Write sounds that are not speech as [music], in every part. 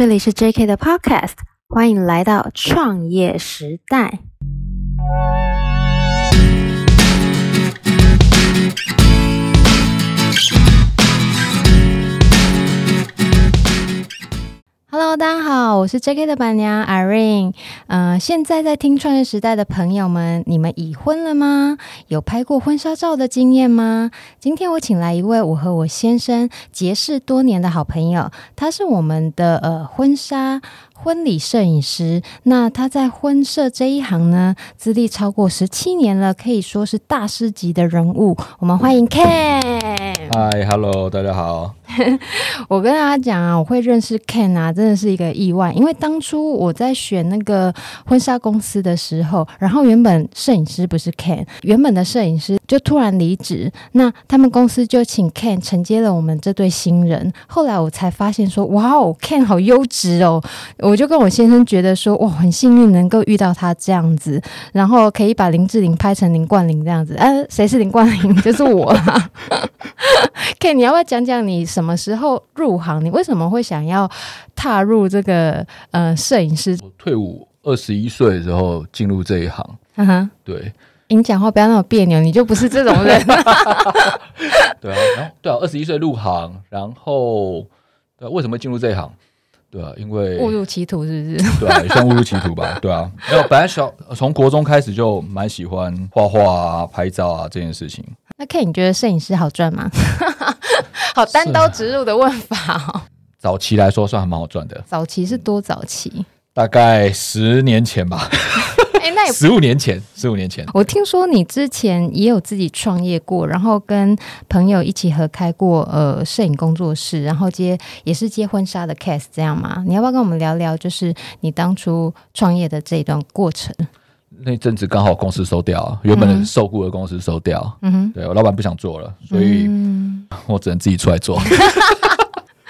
這裡是 JK 的 Podcast，歡迎來到創業時代。Hello，大家好，我是 JK 的板娘 Irene。呃，現在在聽《創業時代》的朋友們，你們已婚了嗎？有拍過婚紗照的經驗嗎？今天我請來一位我和我先生結識多年的好朋友，他是我們的呃婚紗。婚禮攝影師，那他在婚攝這一行呢，資歷超過十七年了，可以說是大師級的人物。我們歡迎 Ken。Hi，Hello，大家好。 [laughs] 我跟大家講啊，我會認識 Ken 啊，真的是一個意外。因為當初我在選那個婚紗公司的時候，然後原本攝影師不是 Ken，原本的攝影師。就突然離職，那他們公司就請 Ken 承接了我們這對新人。後來我才發現說，哇哦，Ken 好優質哦！我就跟我先生覺得說，哇，很幸運能夠遇到他這樣子，然後可以把林志玲拍成林冠霖這樣子。哎、啊，誰是林冠霖？就是我啦。 [laughs] [laughs] Ken，你要不要講講你什麼時候入行？你為什麼會想要踏入這個呃攝影師？我退伍二十一歲的時候進入這一行。嗯哼，對。你講話不要那麼彆扭，你就不是這種人。 [laughs] [laughs] 對啊，然後對啊，二十一歲入行，然後對、啊，為什麼進入這一行？對啊，因為誤入歧途是不是？ [laughs] 對啊，也算誤入歧途吧。對啊，沒、哎、有，本來小從國中開始就蠻喜歡畫畫、啊、拍照啊這件事情。那 K，你覺得攝影師好賺嗎？ [laughs] 好，單刀直入的問法哦、啊。早期來說算還蠻好賺的。早期是多早期？嗯、大概十年前吧。 [laughs] 欸、那十五年前，十五年前，我聽說你之前也有自己創業過，然後跟朋友一起合開過呃攝影工作室，然後接也是接婚紗的 case 這樣嘛？你要不要跟我們聊聊，就是你當初創業的這一段過程？那陣子剛好公司收掉，原本受雇的公司收掉，嗯，對，我老闆不想做了，所以我只能自己出來做。嗯 [laughs]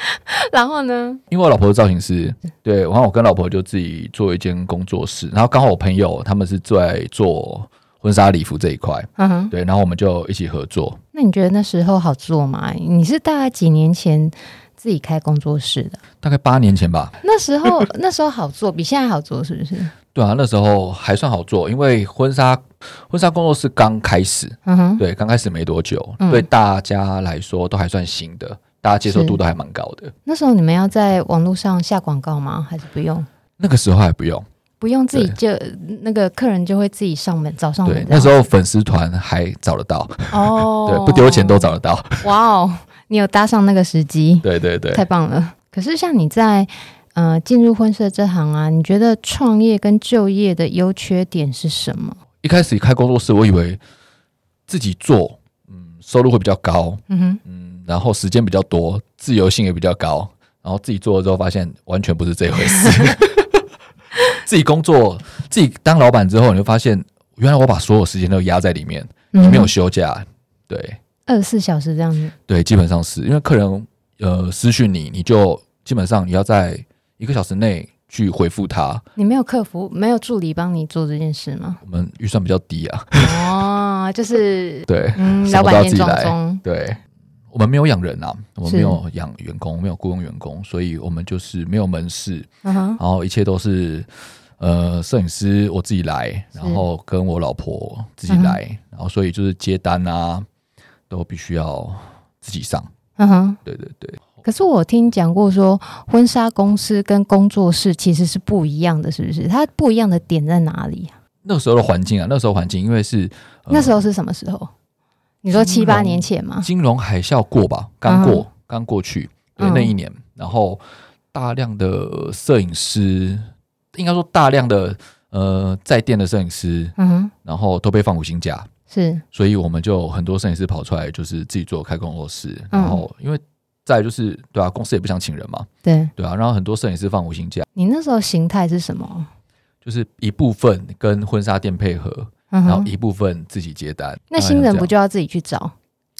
[laughs] 然後呢？因為我老婆是造型師，對，然後我跟老婆就自己做一間工作室。然後剛好我朋友他們是在做婚紗禮服這一塊，嗯哼，對，然後我們就一起合作。那你覺得那時候好做嗎？你是大概幾年前自己開工作室的？大概八年前吧。那時候 [laughs] 那時候好做，比現在好做是不是？對啊，那時候還算好做，因為婚紗婚紗工作室剛開始，嗯哼，對，剛開始沒多久、嗯，對大家來說都還算新的。大家接受度都還蠻高的。那時候你們要在網絡上下廣告嗎？還是不用？那個時候還不用，不用自己就那個客人就會自己上門找上門。對，那時候粉絲團還找得到哦，oh. 對，不丟錢都找得到。哇哦，你有搭上那個時機， [laughs] 對，對對對，太棒了。可是像你在呃進入婚紗這行啊，你覺得創業跟就業的優缺點是什麼？一開始開工作室，我以為自己做，嗯，收入會比較高。嗯哼，嗯。然後時間比較多，自由性也比較高。然後自己做了之後，發現完全不是這回事。 [laughs] [laughs] 自己工作，自己當老板之後，你就發現原來我把所有時間都壓在裡面，嗯、沒有休假。對，二十四小時這樣子。對，基本上是因為客人呃私訊你，你就基本上你要在一個小時內去回復他。你沒有客服，沒有助理幫你做這件事嗎？我們預算比較低啊。哦，就是 [laughs] 對，嗯、老闆自己來。板中對。我們沒有養人吶、啊，我們沒有養員工，沒有雇傭員工，所以我們就是沒有門市、uh -huh，然後一切都是呃攝影師我自己來，然後跟我老婆自己來、uh -huh，然後所以就是接單啊，都必須要自己上。嗯、uh、哼 -huh，對對對。可是我聽講過說，婚紗公司跟工作室其實是不一樣的，是不是？它不一樣的點在哪裡、啊？那時候的環境啊，那時候環境，因為是、呃、那時候是什麼時候？你說七八年前嗎？金融海嘯過吧，嗯、剛過，嗯剛過嗯，剛過去，對、嗯，那一年，然後大量的攝影師，應該說大量的呃，在店的攝影師，嗯，然後都被放無薪假，是，所以我們就很多攝影師跑出來，就是自己做開工作室，嗯、然後因為再就是對啊，公司也不想請人嘛，對，對啊，然後很多攝影師放無薪假。你那時候形態是什麼？就是一部分跟婚紗店配合。然後一部分自己接單，嗯，那新人不就要自己去找？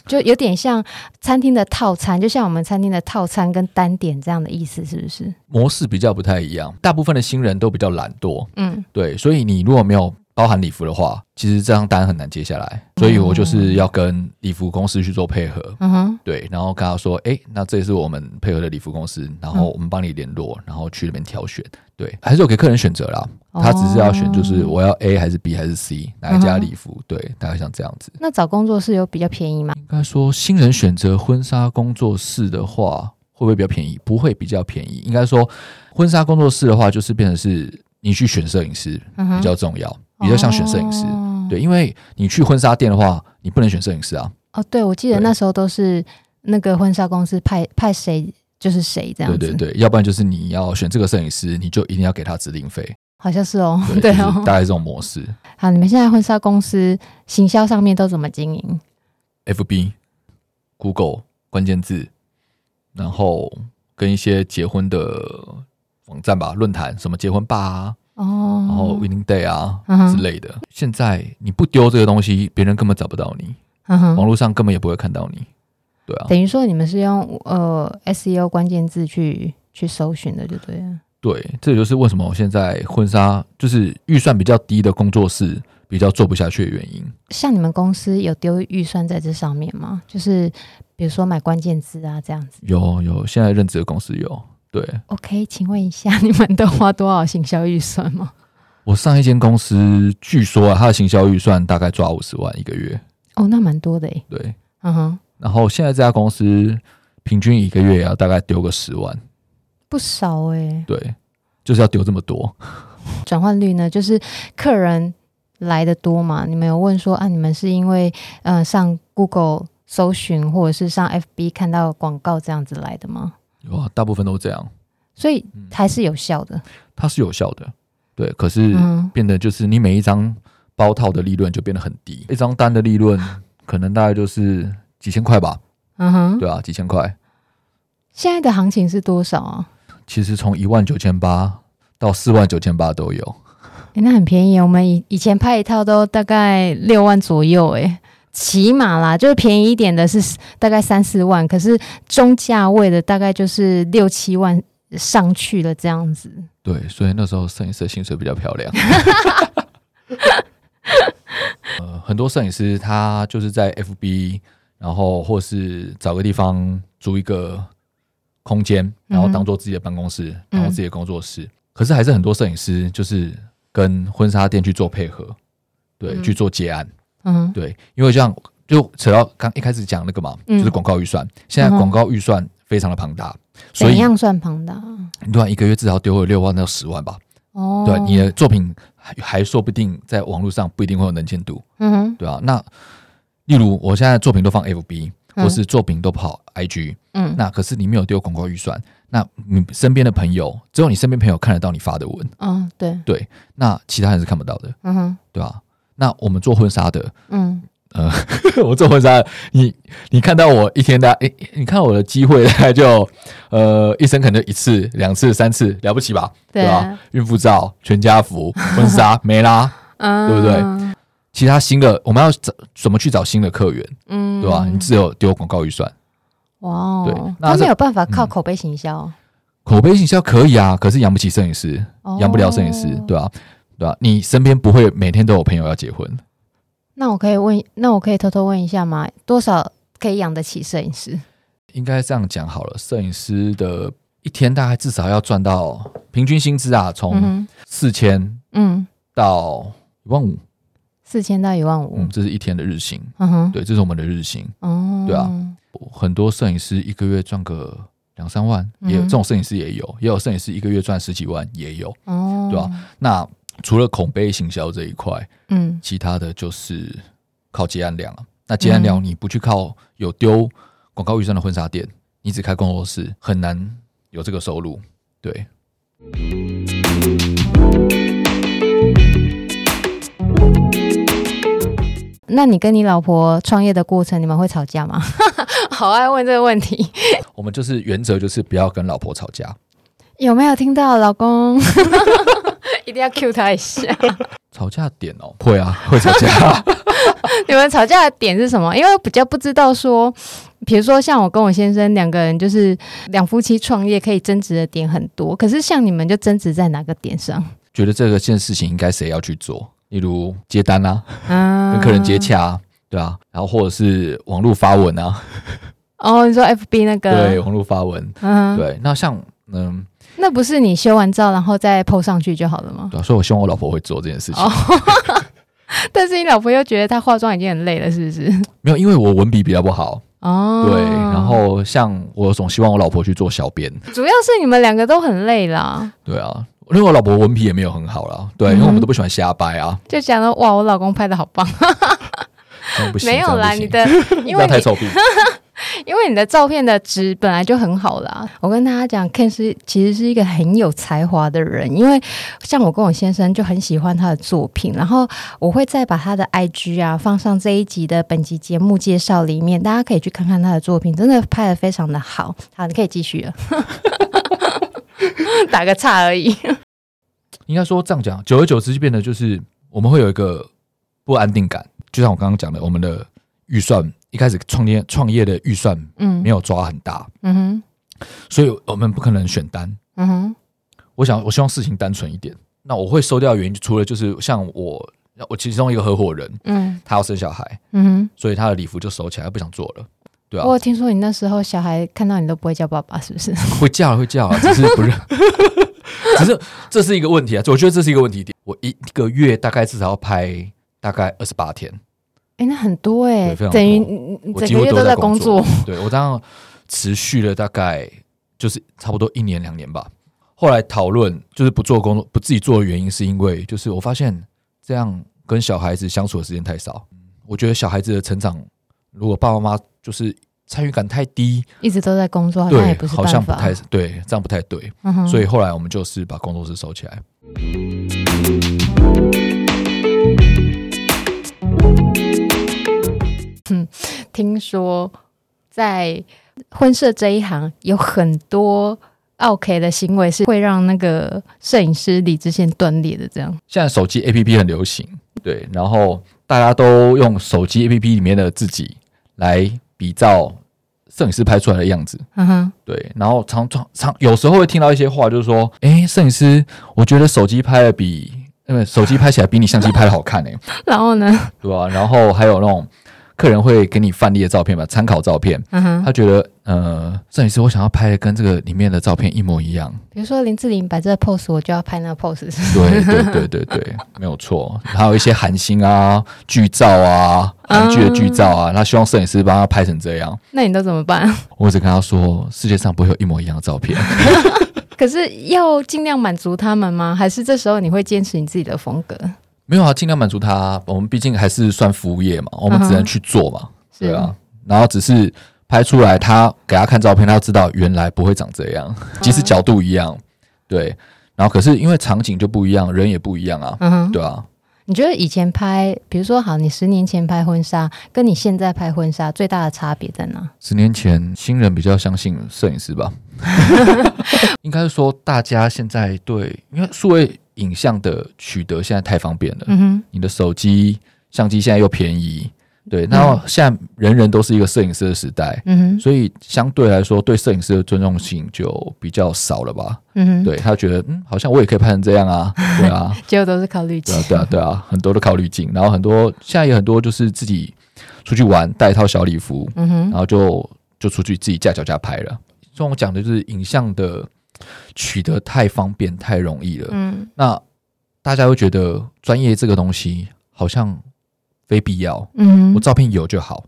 就有點像餐廳的套餐，就像我們餐廳的套餐跟單點這樣的意思，是不是？模式比較不太一樣，大部分的新人都比較懶惰，嗯，對，所以你如果沒有。包含禮服的話，其實這張單很難接下來，所以我就是要跟禮服公司去做配合。嗯哼，對，然後跟他說，哎、欸，那這也是我們配合的禮服公司，然後我們幫你聯絡，然後去裡面挑選。對、嗯，還是有給客人選擇啦、哦，他只是要選，就是我要 A 還是 B 還是 C 哪一家禮服、嗯？對，大概像這樣子。那找工作室有比較便宜嗎？應該說，新人選擇婚紗工作室的話，會不會比較便宜？不會比較便宜。應該說，婚紗工作室的話，就是變成是你去選攝影師比較重要。嗯比較像選攝影師，對，因為你去婚紗店的話，你不能選攝影師啊。哦，對，我記得那時候都是那個婚紗公司派派誰就是誰這樣。對對對，要不然就是你要選這個攝影師，你就一定要給他指定費。好像是哦，對，大概這種模式。哦、好，你們現在婚紗公司行銷上面都怎麼經營？FB、Google 關鍵字，然後跟一些結婚的網站吧、論壇，什麼結婚吧。哦、oh，然後 wedding day 啊之類的，uh-huh. 現在你不丟這個東西，別人根本找不到你，uh-huh. 網絡上根本也不會看到你，對啊。等於說你們是用呃 SEO 關鍵字去去搜尋的，就對了。對，這也就是為什麼我現在婚紗就是預算比較低的工作室比較做不下去的原因。像你們公司有丟預算在這上面嗎？就是比如說買關鍵字啊這樣子。有有，現在任職的公司有。對，OK，請問一下，你們都花多少行銷預算嗎？我上一間公司，據說啊，他的行銷預算大概抓五十萬一個月。哦，那蠻多的誒。對，嗯哼。然後現在這家公司平均一個月要啊，大概丟個十萬，不少誒。對，就是要丟這麼多。轉換率呢？就是客人來的多嘛？你們有問說啊，你們是因為呃上 Google 搜尋或者是上 FB 看到廣告這樣子來的嗎？有啊，大部分都這樣，所以還是有效的、嗯。它是有效的，對。可是、嗯、變得就是你每一張包套的利潤就變得很低，一張單的利潤可能大概就是幾千塊吧。嗯哼，對啊，幾千塊。現在的行情是多少啊？其實從一萬九千八到四萬九千八都有、欸。那很便宜，我們以以前拍一套都大概六萬左右誒。起碼啦，就是便宜一點的是大概三四萬，可是中價位的大概就是六七萬上去了這樣子。對，所以那時候攝影師的薪水比較漂亮。 [laughs] [laughs] 呃，很多攝影師他就是在 FB，然後或是找個地方租一個空間，然後當做自己的辦公室，當、嗯、做自己的工作室。嗯、可是還是很多攝影師就是跟婚紗店去做配合，對，嗯、去做接案。嗯，對，因為像就扯到剛一開始講那個嘛，嗯、就是廣告預算、嗯，現在廣告預算非常的龐大、嗯，所以怎樣算龐大？你一個月至少丟、那個六萬到十萬吧。哦，對，你的作品還說不定在網絡上不一定會有能見度。嗯哼，對啊。那例如我現在作品都放 FB，或、嗯、是作品都跑 IG。嗯，那可是你沒有丟廣告預算，那你身邊的朋友只有你身邊朋友看得到你發的文。嗯、哦，對。對，那其他人是看不到的。嗯哼，對吧、啊？那我們做婚紗的，嗯，呃，我做婚紗的，你你看到我一天的，誒、欸，你看我的機會就，呃，一生可能就一次、兩次、三次，了不起吧？對吧、啊啊？孕婦照、全家福、婚紗 [laughs] 沒啦、嗯，對不對？其他新的，我們要怎怎麼去找新的客源？嗯，對吧？你只有丟廣告預算，哇、哦，對，那沒有辦法靠口碑行銷、嗯，口碑行銷可以啊，可是養不起攝影師，養、哦、不了攝影師，對吧、啊？對吧、啊？你身邊不會每天都有朋友要結婚？那我可以問，那我可以偷偷問一下嗎？多少可以養得起攝影師？應該這樣講好了。攝影師的一天大概至少要賺到平均薪資啊，從四千嗯到一萬五、嗯，四千到一萬五、嗯，這是一天的日薪。嗯哼，對，這是我們的日薪。哦，對啊，很多攝影師一個月賺個兩三萬，嗯、也有這種攝影師也有，也有攝影師一個月賺十幾萬也有，哦，對吧、啊？那除了口碑行銷這一塊，嗯，其他的就是靠接案量，啊嗯，那接案量，你不去靠有丟廣告預算的婚紗店，你只開工作室，很難有這個收入。對。那你跟你老婆創業的過程，你們會吵架嗎？ [laughs] 好愛問這個問題。 [laughs] 我們就是原則，就是不要跟老婆吵架。有沒有聽到，老公？ [laughs] 一定要 cue 他一下， [laughs] 吵架點哦、喔，會啊，會吵架、啊。 [laughs] 你們吵架的點是什麼？因為我比較不知道說，比如說像我跟我先生兩個人就是兩夫妻創業，可以爭執的點很多。可是像你們就爭執在哪個點上？覺得這個件事情應該誰要去做？例如接單啊，啊，跟客人接洽啊，對啊，然後或者是網絡發文啊。哦，你說 FB 那個對，網絡發文，嗯、啊，對。那像嗯。那不是你修完照然後再 po 上去就好了嗎、啊？所以我希望我老婆會做這件事情。哦、 [laughs] 但是你老婆又覺得她化妝已經很累了，是不是？沒有，因為我文筆比較不好哦。對，然後像我總希望我老婆去做小編，主要是你們兩個都很累了。對啊，因為我老婆文筆也沒有很好了。對、嗯，因為我們都不喜歡瞎掰啊。就講說哇，我老公拍的好棒、 [laughs] 嗯。沒有啦，你的不要太臭屁。 [laughs] 因為你的照片的質本來就很好了。啊，我跟大家講，Ken 是其實是一個很有才華的人，因為像我跟我先生就很喜歡他的作品，然後我會再把他的 IG 啊放上這一集的本集節目介紹裡面，大家可以去看看他的作品，真的拍得非常的好。好，你可以繼續了， [laughs] [laughs] [laughs] 打個岔而已 [laughs] 。應該說這樣講，久而久之就變得就是我們會有一個不安定感，就像我剛剛講的，我們的預算。一開始創業創業的預算，嗯，沒有抓很大，嗯，嗯哼，所以我們不可能選單，嗯哼，我想我希望事情單純一點。那我會收掉的原因，除了就是像我我其中一個合夥人，嗯，他要生小孩，嗯哼，所以他的禮服就收起來，不想做了，對啊。我聽說你那時候小孩看到你都不會叫爸爸，是不是？會叫會叫，只是不認， [laughs] 只是這是一個問題啊！我覺得這是一個問題點。我一個月大概至少要拍大概二十八天。哎、欸，那很多哎、欸，等於整，整個月都在工作。對，我這樣持續了大概就是差不多一年兩年吧。後來討論就是不做工作，不自己做的原因，是因為就是我發現這樣跟小孩子相處的時間太少。我覺得小孩子的成長，如果爸爸媽媽就是參與感太低，一直都在工作，對，不好像不太對，這樣不太對、嗯。所以後來我們就是把工作室收起來。聽說在婚攝這一行，有很多奧客的行為是會讓那個攝影師理智線斷裂的。這樣，現在手機 APP 很流行，對，然後大家都用手機 APP 裡面的自己來比照攝影師拍出來的樣子。嗯哼，對，然後常常常有時候會聽到一些話，就是說：“哎、欸，攝影師，我覺得手機拍的比……嗯，手機拍起來比你相機拍的好看、欸。”哎，然後呢？對啊，然後還有那種。客人會給你範例的照片吧，參考照片、嗯。他覺得，呃，攝影師，我想要拍的跟這個裡面的照片一模一樣。比如說林志玲擺這個 pose，我就要拍那個 pose 是不是？對對對對對， [laughs] 沒有錯。還有一些韓星啊，劇照啊，韓劇的劇照啊，他、嗯、希望攝影師幫他拍成這樣。那你都怎麼辦？我只跟他說，世界上不會有一模一樣的照片。 [laughs] [laughs] 可是要盡量滿足他們嗎？還是這時候你會堅持你自己的風格？沒有啊，盡量滿足他啊。我們畢竟還是算服務業嘛，我們只能去做嘛，uh -huh. 對啊。然後只是拍出來，他給他看照片，他要知道原來不會長這樣，uh -huh. 即使角度一樣，對。然後可是因為場景就不一樣，人也不一樣啊，嗯，uh -huh.，對啊。你覺得以前拍，比如說好，你十年前拍婚紗，跟你現在拍婚紗最大的差別在哪？十年前新人比較相信攝影師吧， [laughs] [laughs] 應該是說大家現在對，因為數位。影像的取得現在太方便了，嗯，你的手機相機現在又便宜，對，那、嗯、現在人人都是一個攝影師的時代，嗯，所以相對來說對攝影師的尊重性就比較少了吧，嗯，對，他覺得嗯，好像我也可以拍成這樣啊，嗯、對啊，就 [laughs] 都是靠濾鏡，對啊，對啊，對，啊對啊，很多都靠濾鏡，然後很多現在有很多就是自己出去玩帶一套小禮服，嗯哼，然後就就出去自己架腳架拍了，所以我講的就是影像的。取得太方便、太容易了。嗯，那大家會覺得專業這個東西好像非必要。嗯，我照片有就好。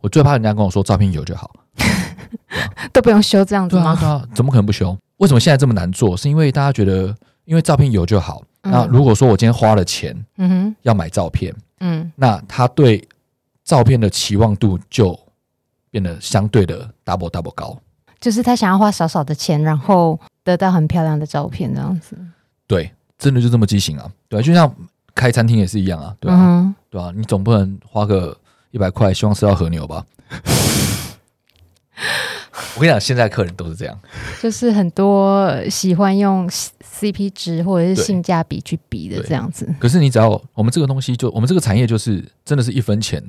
我最怕人家跟我說照片有就好， [laughs] 啊、都不用修這樣子嗎？對、啊、怎麼可能不修？為什麼現在這麼難做？是因為大家覺得，因為照片有就好。嗯、那如果說我今天花了錢，嗯哼，要買照片，嗯，那他對照片的期望度就變得相對的 double double 高，就是他想要花少少的錢，然後。得到很漂亮的照片，那樣子，對，真的就這麼畸形啊？對啊，就像開餐廳也是一樣啊，對啊、嗯、對啊，你總不能花個一百塊，希望吃到和牛吧？ [laughs] 我跟你講，現在客人都是這樣，就是很多喜歡用 CP 值，或者是性價比去比的這樣子。可是你只要我們這個東西就，就我們這個產業，就是真的是一分錢，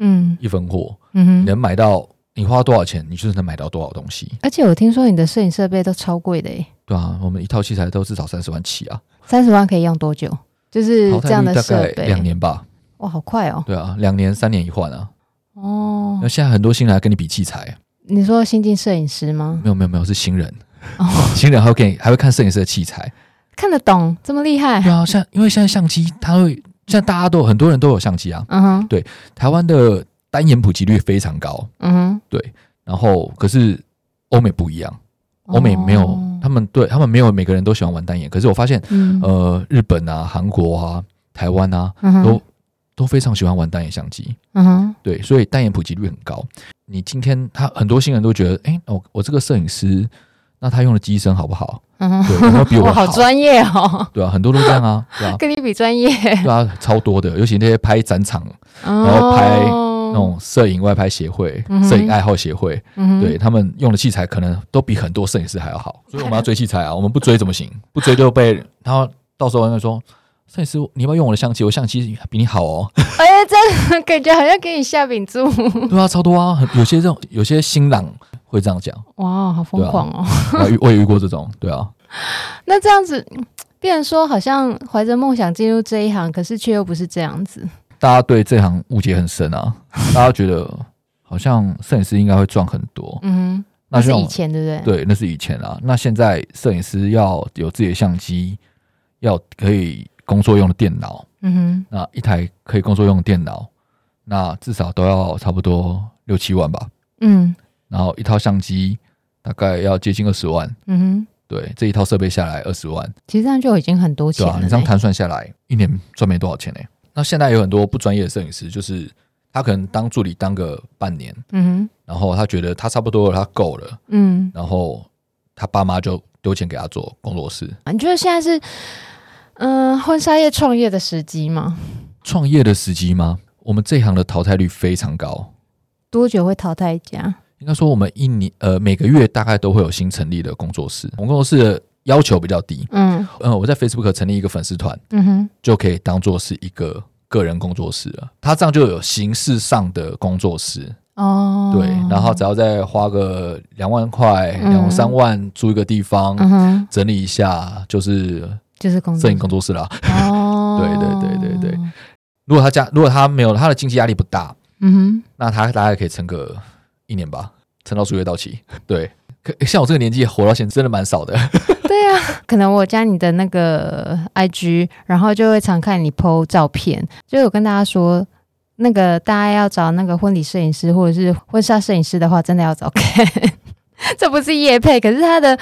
嗯，一分貨，嗯哼，能買到。你花多少錢，你就是能買到多少東西。而且我聽說你的攝影設備都超貴的誒。對啊，我們一套器材都至少三十萬起啊。三十萬可以用多久？就是這樣的設備，大概兩年吧。哇，好快哦。對啊，兩年，三年一換啊。哦。那現在很多新人來跟你比器材，你說新進攝影師嗎？沒有沒有沒有，是新人。哦，新人還會給還會看攝影師的器材，看得懂這麼厲害。對啊，像因為現在相機，它會現在大家都很多人都有相機啊。嗯哼。對，台灣的。單眼普及率非常高，嗯，對。然後可是歐美不一樣，哦、歐美沒有他們對他們沒有每個人都喜歡玩單眼，可是我發現，嗯、呃，日本啊、韓國啊、台灣啊，嗯、都都非常喜歡玩單眼相機，嗯哼，對。所以單眼普及率很高。你今天他很多新人都覺得，哎，我我這個攝影師，那他用的機身好不好？嗯哼，對，然後比我好，好專業哦，對啊，很多都這樣啊，對啊，跟你比專業，對啊，超多的，尤其那些拍展場，哦、然後拍。那種攝影外拍協會、攝、嗯、影愛好協會，嗯、對，他們用的器材可能都比很多攝影師還要好，所以我們要追器材啊！我們不追怎麼行？不追就被，然後到時候人家說，攝影師，你要不要用我的相機？我相機比你好哦！哎、欸、呀，真的感覺好像給你下餅子。對啊，超多啊！有些這種有些新郎會這樣講，哇，好瘋狂哦！啊、我也我也遇過這種，對啊。那這樣子，變成說好像懷着夢想進入這一行，可是卻又不是這樣子。大家對這行誤解很深啊！大家覺得好像攝影師應該會賺很多，嗯那，那是以前對不對？對，那是以前啊。那現在攝影師要有自己的相機，要可以工作用的電腦，嗯哼，那一台可以工作用的電腦，那至少都要差不多六七萬吧，嗯。然後一套相機大概要接近二十萬，嗯哼，對，這一套設備下來二十萬，其實上就已經很多錢了、欸。你這樣盤算下來，一年賺沒多少錢呢、欸？那現在有很多不專業的攝影師，就是他可能當助理當個半年，嗯，然後他覺得他差不多了，他夠了，嗯，然後他爸媽就丟錢給他做工作室。你覺得現在是嗯、呃、婚紗業創業的時機嗎？創業的時機嗎？我們這行的淘汰率非常高，多久會淘汰一家？應該說我們一年呃每個月大概都會有新成立的工作室，我們工作室。要求比較低，嗯嗯，我在 Facebook 成立一個粉絲團，嗯哼，就可以當做是一個個人工作室了。他這樣就有形式上的工作室哦，對，然後只要再花個兩萬塊、兩、嗯、三萬租一個地方，整理一下，嗯、就是就是攝影工作室了。對、就是 [laughs] 哦、對對對對，如果他家如果他沒有他的經濟壓力不大，嗯哼，那他大概可以撐個一年吧，撐到數月到期，對。像我這個年紀活到錢真的蠻少的。對呀、啊，可能我加你的那個 IG，然後就會常看你 PO 照片。就我跟大家說，那個大家要找那個婚禮攝影師或者是婚紗攝影師的話，真的要找 k [laughs] 這不是葉配，可是它的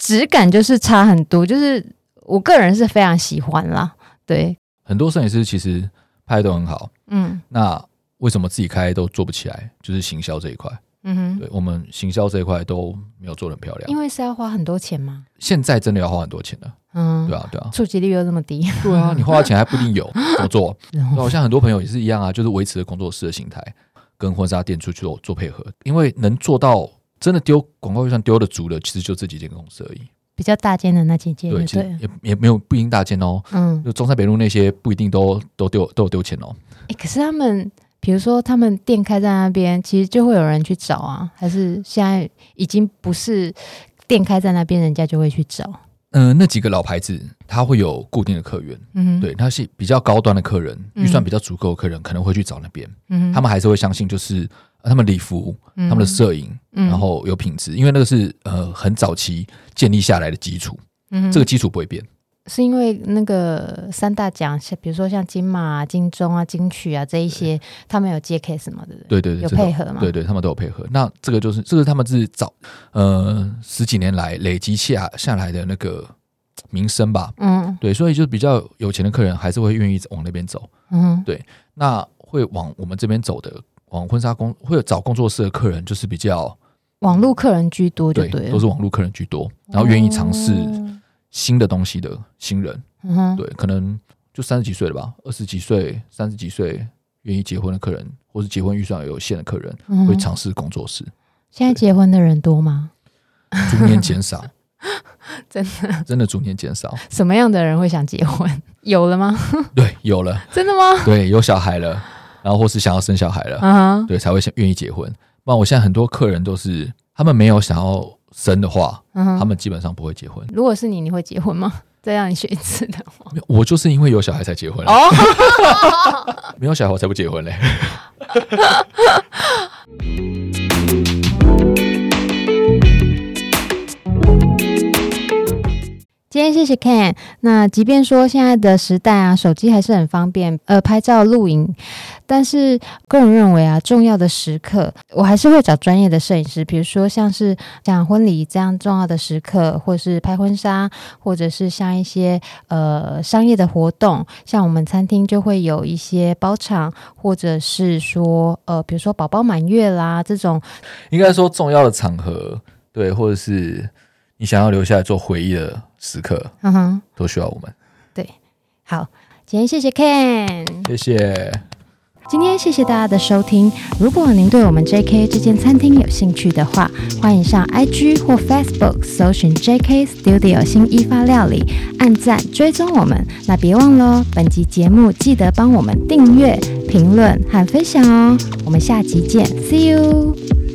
質感就是差很多。就是我個人是非常喜歡啦。對，很多攝影師其實拍都很好。嗯，那為什麼自己開都做不起來？就是行銷這一塊。嗯哼，對我們行銷這一塊都沒有做的很漂亮，因為是要花很多錢嗎？現在真的要花很多錢的，嗯，對啊，對啊，觸及率又這麼低，對啊， [laughs] 你花了錢還不一定有工作，然後 [laughs] 像很多朋友也是一樣啊，就是維持了工作室的形態，跟婚紗店出去做做配合，因為能做到真的丟廣告預算丟的足的，其實就這幾間公司而已，比較大間的那幾間，對，也也沒有不一定大間哦，嗯，就中山北路那些不一定都都丟都有丟錢哦。哎、欸，可是他們。比如說，他們店開在那邊，其實就會有人去找啊？還是現在已經不是店開在那邊，人家就會去找？嗯、呃，那幾個老牌子，他會有固定的客源，嗯，對，他是比較高端的客人、嗯，預算比較足夠的客人，可能會去找那邊。嗯，他們還是會相信，就是、啊、他們禮服、他們的攝影、嗯，然後有品質，因為那個是呃很早期建立下來的基礎，嗯，這個基礎不會變。是因為那個三大獎項，比如說像金馬啊、金鐘啊、金曲啊這一些，他們有接 case 什麼的，對對，對，對對，有配合嘛？對對，他們都有配合。那這個就是，這是、個、他們自己找，呃，十幾年來累積下下來的那個名聲吧。嗯，對，所以就比較有錢的客人還是會願意往那邊走。嗯，對，那會往我們這邊走的，往婚紗公會有找工作室的客人，就是比較網絡客人居多對，對，都是網絡客人居多，然後願意嘗試。嗯新的東西的新人、嗯哼，對，可能就三十幾歲了吧，二十幾歲、三十幾歲願意結婚的客人，或是結婚預算有限的客人，嗯、會嘗試工作室。現在結婚的人多嗎？逐年減少，真的真的逐年減少。什麼樣的人會想結婚？有了嗎？ [laughs] 對，有了。真的嗎？對，有小孩了，然後或是想要生小孩了啊、嗯，對，才會想願意結婚。那我現在很多客人都是，他們沒有想要。生的話、嗯，他們基本上不會結婚。如果是你，你會結婚嗎？再讓你選一次的話，我就是因為有小孩才結婚了、哦、 [laughs] [laughs] 沒有小孩我才不結婚嘞。 [laughs] 今天謝謝 Ken。那即便說，現在的時代啊，手機還是很方便，呃，拍照、錄影。但是個人認為啊，重要的時刻，我還是會找專業的攝影師。比如說，像是像婚禮這樣重要的時刻，或者是拍婚紗，或者是像一些呃商業的活動，像我們餐廳就會有一些包場，或者是說呃，比如說寶寶滿月啦這種，應該說重要的場合，對，或者是。你想要留下來做回憶的時刻，嗯哼，都需要我們。對，好，今天謝謝 Ken，謝謝。今天謝謝大家的收聽。如果您對我們 JK 這間餐廳有興趣的話，歡迎上 IG 或 Facebook 搜尋 JK Studio 新義法料理，按讚追蹤我們。那別忘了，本集節目記得幫我們訂閱、評論和分享哦。我們下集見，See you。